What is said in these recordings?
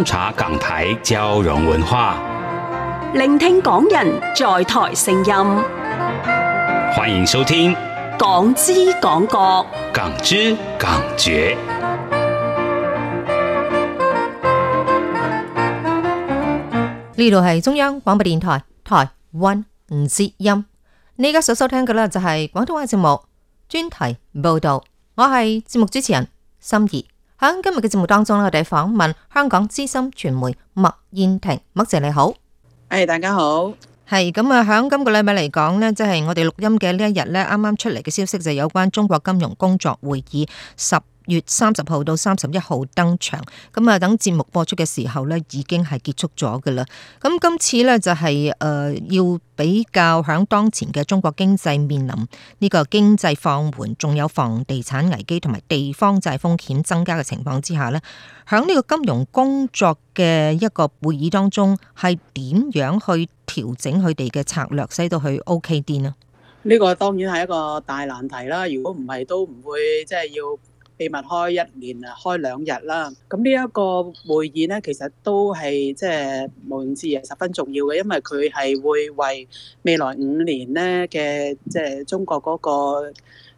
洞察港台交融文化，聆聽港人在台聲音。歡迎收聽《港知港覺》，港知港覺。呢度係中央廣播電台，台灣之音。你而家所收聽嘅咧就係廣東話節目專題報道。我係節目主持人心儀。喺今日嘅節目當中我哋訪問香港資深傳媒麥燕庭，麥姐你好。誒，hey，大家好。係咁啊，喺今個禮拜嚟講咧，即係我哋錄音嘅呢一日咧，啱啱出嚟嘅消息就係有關中國金融工作會議十。月三十號到三十一號登場，咁啊等節目播出嘅時候呢，已經係結束咗㗎啦。咁今次呢、就是，就係誒要比較響當前嘅中國經濟面臨呢個經濟放緩，仲有房地產危機同埋地方債風險增加嘅情況之下呢，響呢個金融工作嘅一個會議當中，係點樣去調整佢哋嘅策略，使到佢 O K 啲呢？呢個當然係一個大難題啦。如果唔係，都唔會即係要。秘密開一年啊，開兩日啦。咁呢一個會議咧，其實都係即係無庸置疑十分重要嘅，因為佢係會為未來五年咧嘅即係中國嗰個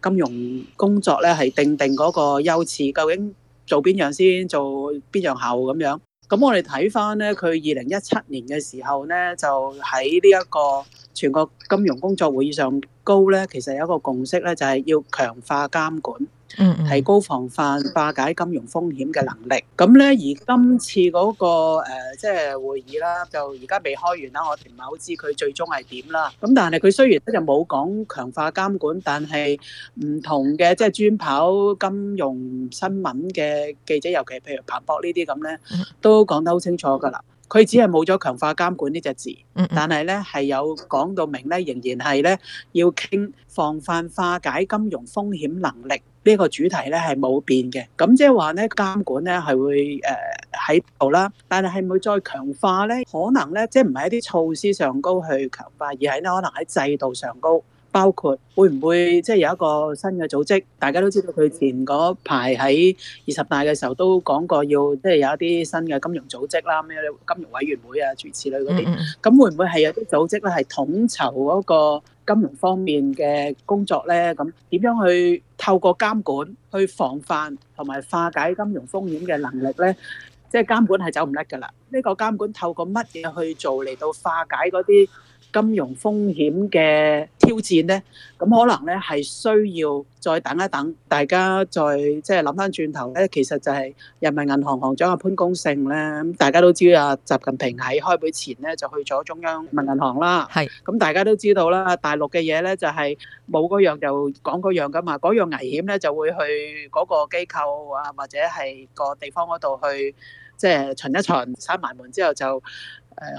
金融工作咧，係定定嗰個優次，究竟做邊樣先，做邊樣後咁樣。咁我哋睇翻咧，佢二零一七年嘅時候咧，就喺呢一個全國金融工作會議上高咧，其實有一個共識咧，就係要強化監管。嗯，嗯，提高防範化解金融風險嘅能力。咁咧，而今次嗰、那個即係、呃就是、會議啦，就而家未開完啦，我哋唔係好知佢最終係點啦。咁但係佢雖然咧就冇講強化監管，但係唔同嘅即係專跑金融新聞嘅記者，尤其譬如彭博呢啲咁咧，都講得好清楚㗎啦。佢只係冇咗強化監管呢隻字，但係咧係有講到明咧，仍然係咧要傾防範化解金融風險能力呢個主題咧係冇變嘅。咁即係話咧監管咧係會誒喺度啦，但係係唔會再強化咧，可能咧即係唔係一啲措施上高去強化，而係咧可能喺制度上高。包括會唔會即係有一個新嘅組織？大家都知道佢前嗰排喺二十大嘅時候都講過要即係有一啲新嘅金融組織啦，咩金融委員會啊，諸如此類嗰啲。咁會唔會係有啲組織咧，係統籌嗰個金融方面嘅工作咧？咁點樣去透過監管去防範同埋化解金融風險嘅能力咧？即係監管係走唔甩㗎啦。呢個監管透過乜嘢去做嚟到化解嗰啲？金融風險嘅挑戰咧，咁可能咧係需要再等一等，大家再即係諗翻轉頭咧，其實就係人民銀行行長阿潘功勝咧，咁大家都知啊，習近平喺開會前咧就去咗中央人民銀行啦，係咁大家都知道啦，大陸嘅嘢咧就係冇嗰樣就講嗰樣噶嘛，嗰樣危險咧就會去嗰個機構啊或者係個地方嗰度去。即係巡一巡，閂埋門之後就誒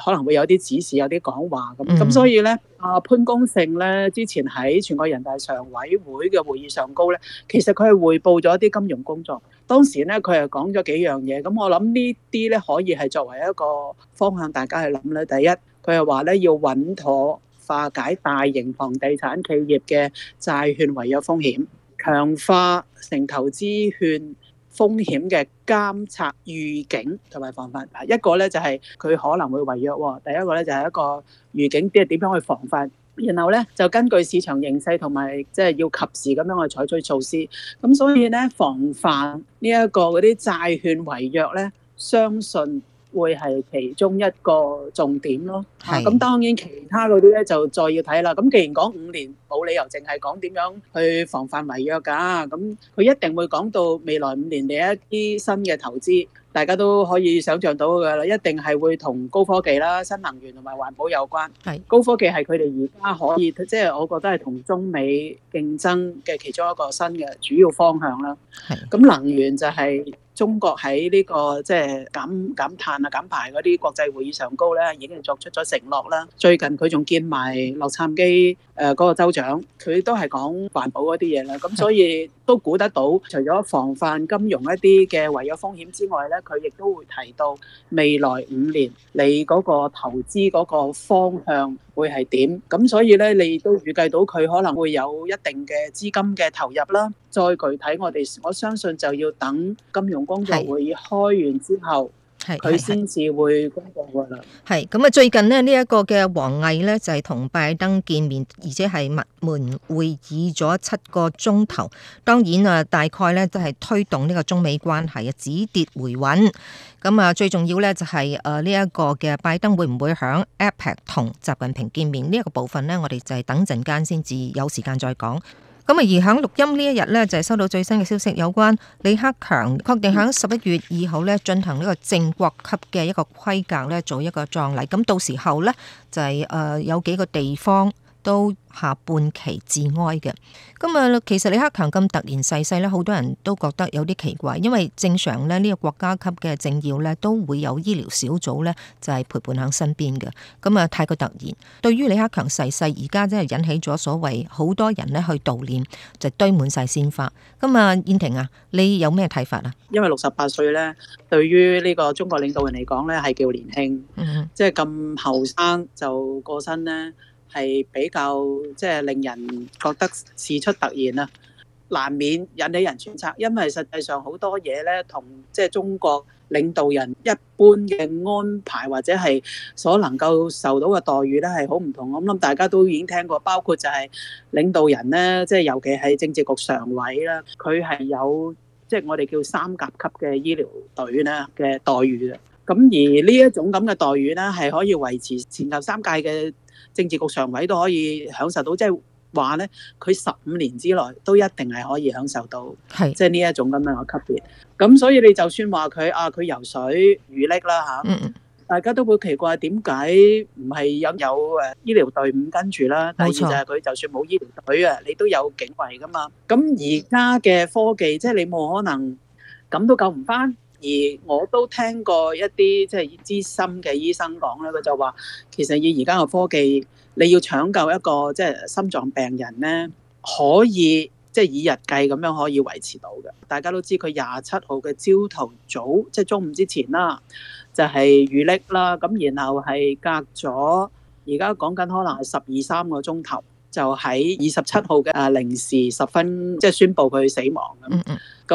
可能會有啲指示，有啲講話咁。咁所以咧，阿潘功勝咧之前喺全國人大常委會嘅會議上高咧，其實佢係匯報咗一啲金融工作。當時咧佢係講咗幾樣嘢。咁我諗呢啲咧可以係作為一個方向，大家去諗啦。第一，佢係話咧要穩妥化解大型房地產企業嘅債券違約風險，強化城投資券風險嘅監測預警同埋防範，嗱一個咧就係佢可能會違約喎，第一個咧就係一個預警，即係點樣去防範。然後咧就根據市場形勢同埋即係要及時咁樣去採取措施，咁所以咧防範呢一個嗰啲債券違約咧，相信會係其中一個重點咯。咁當然其他嗰啲咧就再要睇啦。咁既然講五年，冇理由淨係講點樣去防範違約㗎。咁佢一定會講到未來五年嘅一啲新嘅投資，大家都可以想象到㗎啦。一定係會同高科技啦、新能源同埋環保有關。係高科技係佢哋而家可以，即係我覺得係同中美競爭嘅其中一個新嘅主要方向啦。係咁能源就係。中國喺呢個即係減減碳啊、減排嗰啲國際會議上高咧，已經作出咗承諾啦。最近佢仲見埋洛杉磯誒嗰個州長，佢都係講環保嗰啲嘢啦。咁所以。都估得到，除咗防範金融一啲嘅違約風險之外咧，佢亦都會提到未來五年你嗰個投資嗰個方向會係點。咁所以咧，你都預計到佢可能會有一定嘅資金嘅投入啦。再具體，我哋我相信就要等金融工作會議開完之後。係佢先至會公布噶啦。係咁啊，最近咧，呢一個嘅王毅咧就係同拜登見面，而且係密門會議咗七個鐘頭。當然啊，大概咧都係推動呢個中美關係啊，止跌回穩。咁啊，最重要咧就係誒呢一個嘅拜登會唔會響 APEC 同習近平見面呢一個部分咧，我哋就係等陣間先至有時間再講。咁而喺錄音呢一日咧，就係收到最新嘅消息，有關李克強確定喺十一月二號咧進行呢個正國級嘅一個規格咧，做一個葬禮。咁到時候咧，就係誒有幾個地方。都下半期致哀嘅。咁啊，其實李克強咁突然逝世咧，好多人都覺得有啲奇怪，因為正常咧呢個國家級嘅政要咧都會有醫療小組咧就係陪伴響身邊嘅，咁啊太過突然。對於李克強逝世，而家真係引起咗所謂好多人咧去悼念，就堆滿晒鮮花。咁啊，燕庭啊，你有咩睇法啊？因為六十八歲咧，對於呢個中國領導人嚟講咧係叫年輕，即係咁後生就過身咧。係比較即係令人覺得事出突然啊，難免引起人揣測。因為實際上好多嘢咧，同即係中國領導人一般嘅安排或者係所能夠受到嘅待遇咧，係好唔同。我諗大家都已經聽過，包括就係領導人咧，即係尤其係政治局常委啦，佢係有即係我哋叫三甲級嘅醫療隊啦嘅待遇啊。咁而呢一種咁嘅待遇咧，係可以維持前後三屆嘅。政治局常委都可以享受到，即係話咧，佢十五年之內都一定係可以享受到，係即係呢一種咁樣嘅級別。咁所以你就算話佢啊，佢游水淤溺啦吓，大家都會奇怪點解唔係有有誒醫療隊伍跟住啦？第二就係佢就算冇醫療隊啊，你都有警衛噶嘛。咁而家嘅科技，即係你冇可能咁都救唔翻。而我都聽過一啲即係資深嘅醫生講咧，佢就話其實以而家嘅科技，你要搶救一個即係、就是、心臟病人咧，可以即係、就是、以日計咁樣可以維持到嘅。大家都知佢廿七號嘅朝頭早，即、就、係、是、中午之前啦，就係遇溺啦，咁然後係隔咗而家講緊可能係十二三個鐘頭。就喺二十七號嘅，啊零時十分，即係宣布佢死亡咁。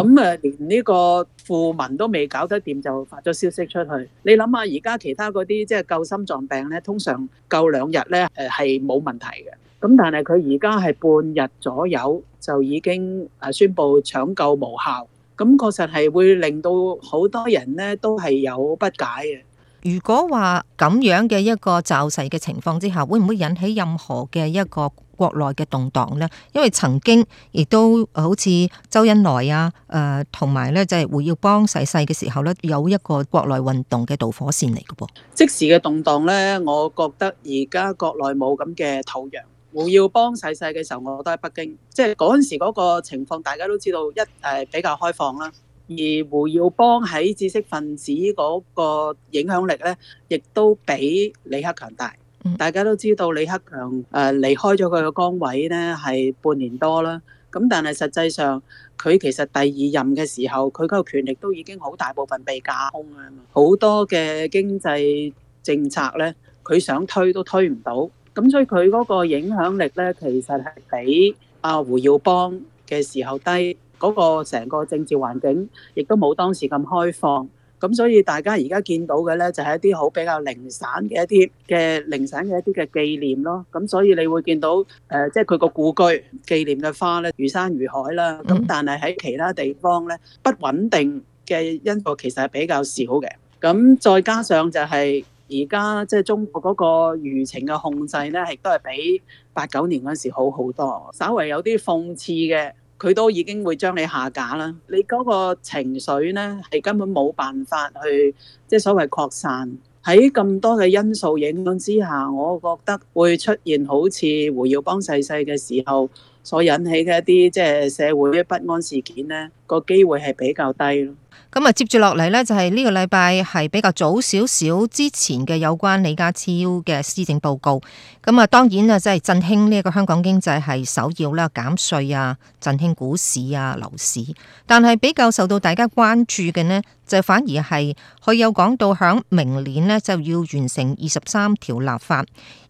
咁啊，連呢個訃聞都未搞得掂，就發咗消息出去。你諗下，而家其他嗰啲即係救心臟病咧，通常救兩日咧誒，係冇問題嘅。咁但係佢而家係半日左右就已經誒宣布搶救無效。咁確實係會令到好多人咧都係有不解嘅。如果話咁樣嘅一個驟逝嘅情況之下，會唔會引起任何嘅一個？國內嘅動盪呢，因為曾經亦都好似周恩來啊，誒同埋呢，就係、是、胡耀邦逝世嘅時候呢，有一個國內運動嘅導火線嚟嘅噃。即時嘅動盪呢，我覺得而家國內冇咁嘅土壤。胡耀邦逝世嘅時候，我都喺北京，即係嗰陣時嗰個情況，大家都知道一誒比較開放啦。而胡耀邦喺知識分子嗰個影響力呢，亦都比李克強大。大家都知道李克強誒離開咗佢個崗位咧，係半年多啦。咁但係實際上佢其實第二任嘅時候，佢嗰個權力都已經好大部分被架空啊嘛。好多嘅經濟政策咧，佢想推都推唔到。咁所以佢嗰個影響力咧，其實係比阿胡耀邦嘅時候低。嗰個成個政治環境亦都冇當時咁開放。咁所以大家而家見到嘅咧，就係一啲好比較零散嘅一啲嘅零散嘅一啲嘅紀念咯。咁所以你會見到誒，即係佢個故居紀念嘅花咧，如山如海啦。咁但係喺其他地方咧，不穩定嘅因素其實係比較少嘅。咁再加上就係而家即係中國嗰個疫情嘅控制咧，亦都係比八九年嗰時好好多，稍為有啲諷刺嘅。佢都已經會將你下架啦，你嗰個情緒呢，係根本冇辦法去，即係所謂擴散，喺咁多嘅因素影響之下，我覺得會出現好似胡耀邦逝世嘅時候所引起嘅一啲即係社會嘅不安事件呢，個機會係比較低咁啊，接住落嚟呢，就係呢個禮拜係比較早少少之前嘅有關李家超嘅施政報告。咁啊，當然啊，即係振興呢個香港經濟係首要啦，減稅啊，振興股市啊，樓市。但係比較受到大家關注嘅呢，就反而係佢有講到響明年呢就要完成二十三條立法，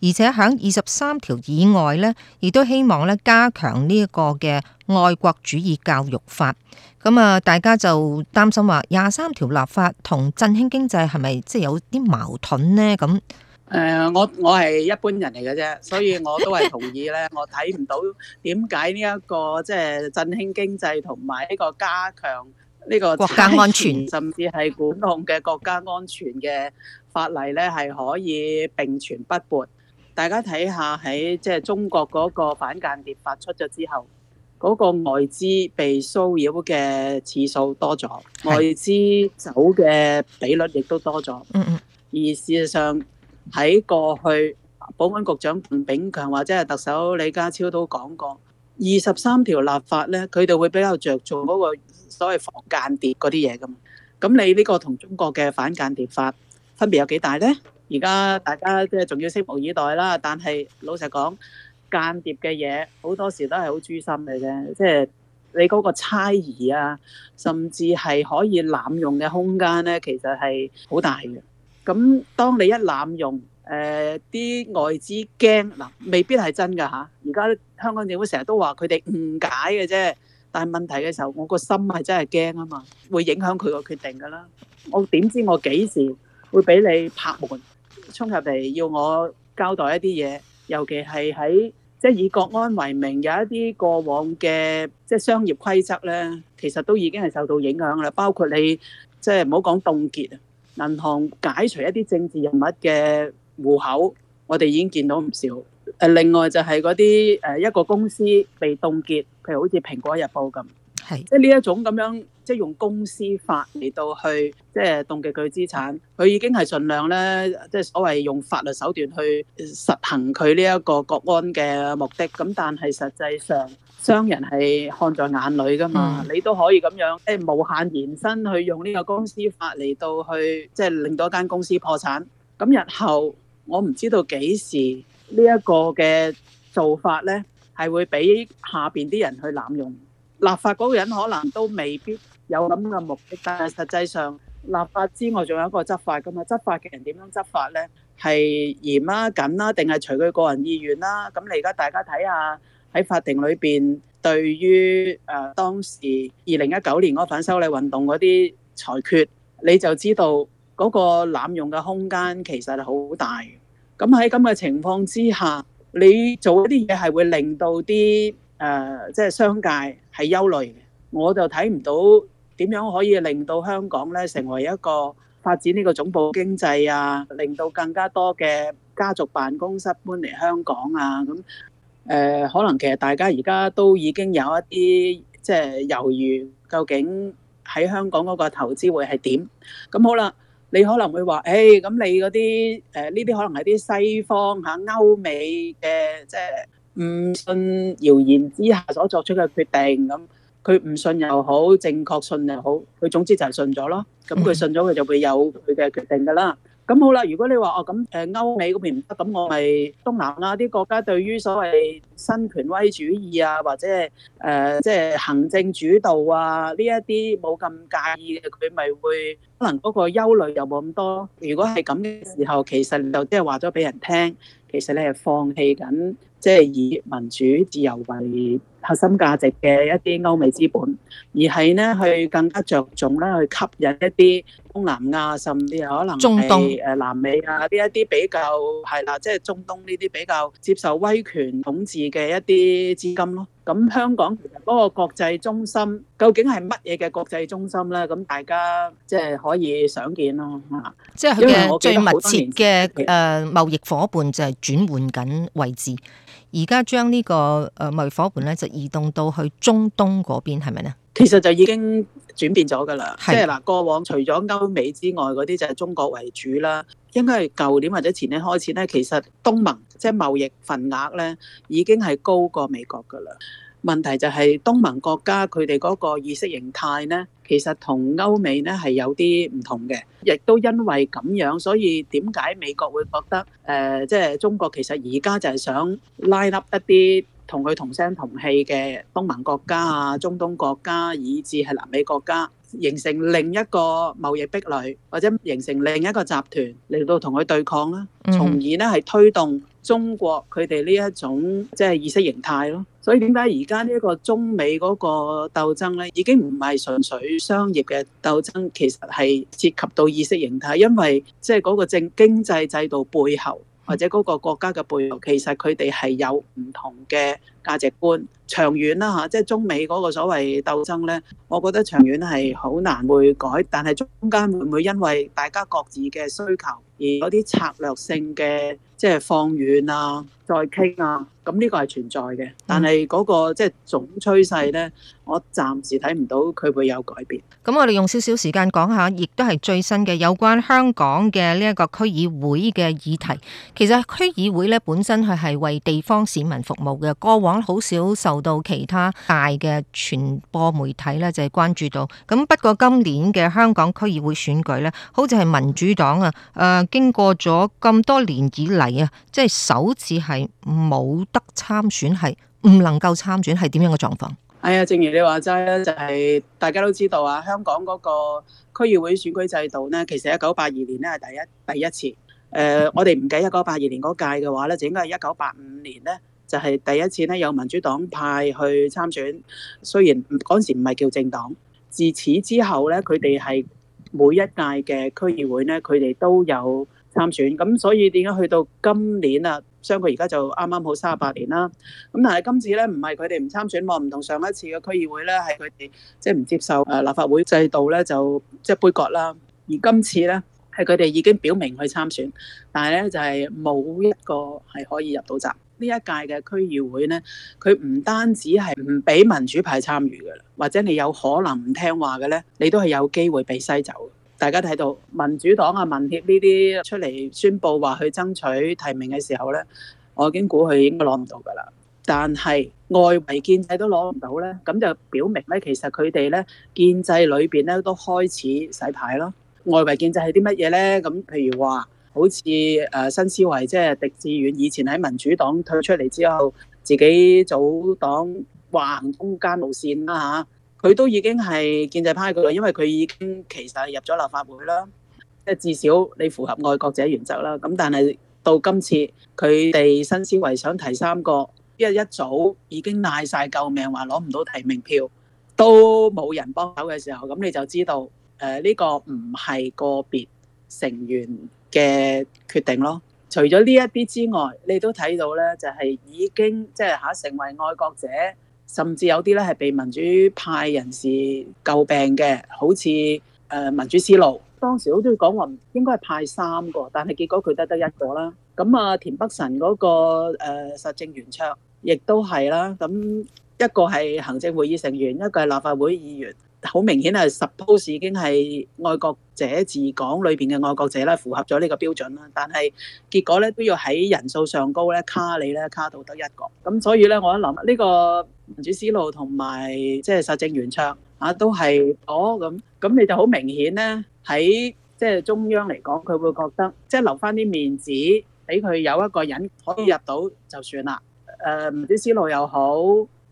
而且響二十三條以外呢，亦都希望呢加強呢一個嘅。愛國主義教育法，咁啊，大家就擔心話廿三條立法同振興經濟係咪即係有啲矛盾呢？咁，誒，我我係一般人嚟嘅啫，所以我都係同意咧。 我睇唔到點解呢一個即係、就是、振興經濟同埋呢個加強呢個國家安全，甚至係管控嘅國家安全嘅法例咧，係可以並存不悖。大家睇下喺即係中國嗰個反間諜法出咗之後。嗰個外資被騷擾嘅次數多咗，外資走嘅比率亦都多咗。嗯嗯。而事實上喺過去，保安局長鄧炳強或者係特首李家超都講過，二十三條立法呢，佢哋會比較著重嗰個所謂防間諜嗰啲嘢噶嘛。咁你呢個同中國嘅反間諜法分別有幾大呢？而家大家即係仲要拭目以待啦。但係老實講。間諜嘅嘢好多時都係好誅心嘅啫，即係你嗰個猜疑啊，甚至係可以濫用嘅空間咧，其實係好大嘅。咁當你一濫用，誒，啲外資驚嗱，未必係真嘅吓。而家香港政府成日都話佢哋誤解嘅啫，但係問題嘅時候，我個心係真係驚啊嘛，會影響佢個決定噶啦。我點知我幾時會俾你拍門衝入嚟要我交代一啲嘢，尤其係喺。即係以國安為名，有一啲過往嘅即係商業規則咧，其實都已經係受到影響啦。包括你即係唔好講凍結啊，銀行解除一啲政治人物嘅戶口，我哋已經見到唔少。誒，另外就係嗰啲誒一個公司被凍結，譬如好似《蘋果日報》咁。即係呢一種咁樣，即係用公司法嚟到去，即係凍結佢資產。佢已經係盡量呢，即係所謂用法律手段去實行佢呢一個國安嘅目的。咁但係實際上，商人係看在眼裏㗎嘛。你都可以咁樣，即係無限延伸去用呢個公司法嚟到去，即係令到一間公司破產。咁日後我唔知道幾時呢一個嘅做法呢，係會俾下邊啲人去濫用。立法嗰個人可能都未必有咁嘅目的，但係實際上立法之外，仲有一個執法㗎嘛。的執法嘅人點樣執法呢？係嚴啦、緊啦，定係隨佢個人意願啦？咁你而家大家睇下喺法庭裏邊，對於誒當時二零一九年嗰份修例運動嗰啲裁決，你就知道嗰個濫用嘅空間其實係好大的。咁喺咁嘅情況之下，你做一啲嘢係會令到啲誒即係商界。係憂慮嘅，我就睇唔到點樣可以令到香港咧成為一個發展呢個總部經濟啊，令到更加多嘅家族辦公室搬嚟香港啊，咁誒，可能其實大家而家都已經有一啲即係猶豫，究竟喺香港嗰個投資會係點？咁好啦，你可能會話，誒，咁你嗰啲誒呢啲可能係啲西方吓歐美嘅即係。唔信謠言之下所作出嘅決定咁，佢唔信又好，正確信又好，佢總之就係信咗咯。咁佢信咗，佢就會有佢嘅決定噶啦。咁好啦，如果你話哦，咁誒歐美嗰邊唔得，咁我咪東南亞啲國家對於所謂新權威主義啊，或者係誒即係行政主導啊，呢一啲冇咁介意嘅，佢咪會可能嗰個憂慮又冇咁多。如果係咁嘅時候，其實就即係話咗俾人聽，其實你係放棄緊。即係以民主自由為。核心價值嘅一啲歐美資本，而係咧去更加著重咧去吸引一啲東南亞，甚至可能中東、誒南美啊呢一啲比較係啦，即係中東呢啲比較接受威權統治嘅一啲資金咯。咁香港其實嗰個國際中心究竟係乜嘢嘅國際中心咧？咁大家即係可以想見咯嚇。即係因為我記得好多年嘅誒貿易夥伴就係轉換緊位置。而家將這個呢個誒貿易夥伴咧，就移動到去中東嗰邊，係咪咧？其實就已經轉變咗㗎啦。即係嗱，過往除咗歐美之外，嗰啲就係中國為主啦。應該係舊年或者前年開始咧，其實東盟即係、就是、貿易份額咧已經係高過美國㗎啦。問題就係東盟國家佢哋嗰個意識形態咧。其實同歐美呢係有啲唔同嘅，亦都因為咁樣，所以點解美國會覺得誒，即係中國其實而家就係想拉攏一啲同佢同聲同氣嘅東盟國家啊、中東國家，以至係南美國家，形成另一個貿易壁壘，或者形成另一個集團嚟到同佢對抗啦，從而呢係推動中國佢哋呢一種即係意識形態咯，所以點解而家呢一個中美嗰個鬥爭咧，已經唔係純粹商業嘅鬥爭，其實係涉及到意識形態，因為即係嗰個政經濟制度背後，或者嗰個國家嘅背後，其實佢哋係有唔同嘅價值觀。長遠啦嚇，即係中美嗰個所謂鬥爭呢，我覺得長遠係好難會改，但係中間會唔會因為大家各自嘅需求而有啲策略性嘅？即係放遠啊，再傾啊，咁呢個係存在嘅，但係嗰個即係總趨勢呢，我暫時睇唔到佢會有改變。咁我哋用少少時間講下，亦都係最新嘅有關香港嘅呢一個區議會嘅議題。其實區議會呢，本身佢係為地方市民服務嘅，過往好少受到其他大嘅傳播媒體呢，就係關注到。咁不過今年嘅香港區議會選舉呢，好似係民主黨啊，誒經過咗咁多年以嚟。啊，即係首次係冇得參選，係唔能夠參選，係點樣嘅狀況？係啊，正如你話齋啦，就係、是、大家都知道啊，香港嗰個區議會選舉制度呢，其實一九八二年呢係第一第一次。誒，我哋唔計一九八二年嗰屆嘅話呢，就應該係一九八五年呢，就係、是、第一次呢有民主黨派去參選。雖然嗰時唔係叫政黨，自此之後呢，佢哋係每一屆嘅區議會呢，佢哋都有。參選。咁，所以點解去到今年啊，相佢而家就啱啱好三十八年啦。咁但係今次咧，唔係佢哋唔參選喎，唔同上一次嘅區議會咧，係佢哋即係唔接受誒立法會制度咧，就即係、就是、杯葛啦。而今次咧，係佢哋已經表明去參選，但係咧就係、是、冇一個係可以入到閘。呢一屆嘅區議會咧，佢唔單止係唔俾民主派參與㗎啦，或者你有可能唔聽話嘅咧，你都係有機會被篩走。大家睇到民主黨啊、民協呢啲出嚟宣佈話去爭取提名嘅時候呢，我已經估佢應該攞唔到㗎啦。但係外圍建制都攞唔到呢，咁就表明呢，其實佢哋呢，建制裏面呢都開始洗牌咯。外圍建制係啲乜嘢呢？咁譬如話，好似新思維即係狄志遠，以前喺民主黨退出嚟之後，自己組黨橫中間路線啦、吓佢都已經係建制派㗎啦，因為佢已經其實係入咗立法會啦，即係至少你符合愛國者原則啦。咁但係到今次佢哋新思維想提三個，因為一早已經賴曬救命，話攞唔到提名票，都冇人幫手嘅時候，咁你就知道誒呢個唔係個別成員嘅決定咯。除咗呢一啲之外，你都睇到咧，就係已經即係嚇成為愛國者。甚至有啲咧係被民主派人士詬病嘅，好似誒民主思路，當時好似意講話唔應該係派三個，但係結果佢得得一個啦。咁啊，田北辰嗰個誒實政圓桌，亦都係啦。咁一個係行政會議成員，一個係立法會議員。好明顯係 suppose 已經係愛國者治港裏邊嘅愛國者啦，符合咗呢個標準啦。但係結果咧都要喺人數上高咧卡你咧，卡到得一個，咁所以咧我一諗呢個民主思路同埋即係實政圓桌啊，都係哦咁咁你就好明顯咧喺即係中央嚟講，佢會覺得即係留翻啲面子俾佢有一個人可以入到就算啦。誒民主思路又好。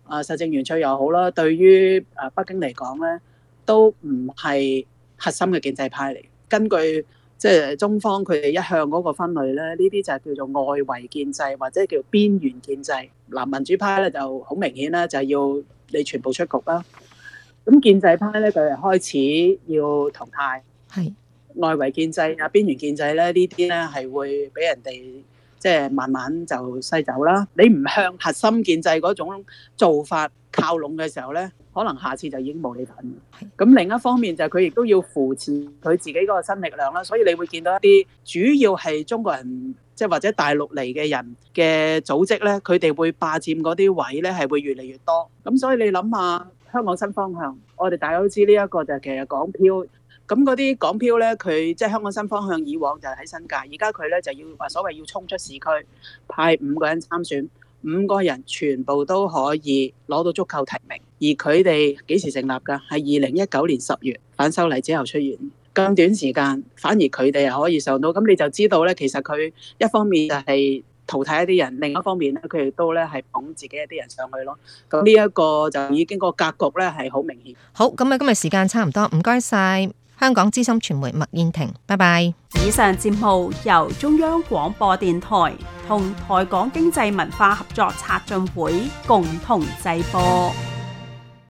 啊，實政圓桌又好啦，對於啊北京嚟講咧，都唔係核心嘅建制派嚟。根據即係中方佢哋一向嗰個分類咧，呢啲就係叫做外圍建制或者叫邊緣建制。嗱，民主派咧就好明顯啦，就係要你全部出局啦。咁建制派咧就係開始要淘汰，係外圍建制啊，邊緣建制咧呢啲咧係會俾人哋。即、就、係、是、慢慢就篩走啦。你唔向核心建制嗰種做法靠攏嘅時候咧，可能下次就已經冇你份。咁另一方面就係佢亦都要扶持佢自己嗰個新力量啦，所以你會見到一啲主要係中國人即係或者大陸嚟嘅人嘅組織咧，佢哋會霸佔嗰啲位咧，係會越嚟越多。咁所以你諗下香港新方向，我哋大家都知呢一個就係其實港票。咁嗰啲港漂咧，佢即係香港新方向，以往就喺新界，而家佢咧就要話所謂要衝出市區，派五個人參選，五個人全部都可以攞到足夠提名。而佢哋幾時成立噶？係二零一九年十月反修例之後出現，咁短時間反而佢哋又可以上到，咁你就知道咧，其實佢一方面就係淘汰一啲人，另一方面咧，佢哋都咧係捧自己一啲人上去咯。咁呢一個就已經個格局咧係好明顯。好，咁啊今日時間差唔多，唔該晒。香港資深傳媒麥燕庭，拜拜。以上節目由中央廣播電台同台港經濟文化合作策進會共同製播。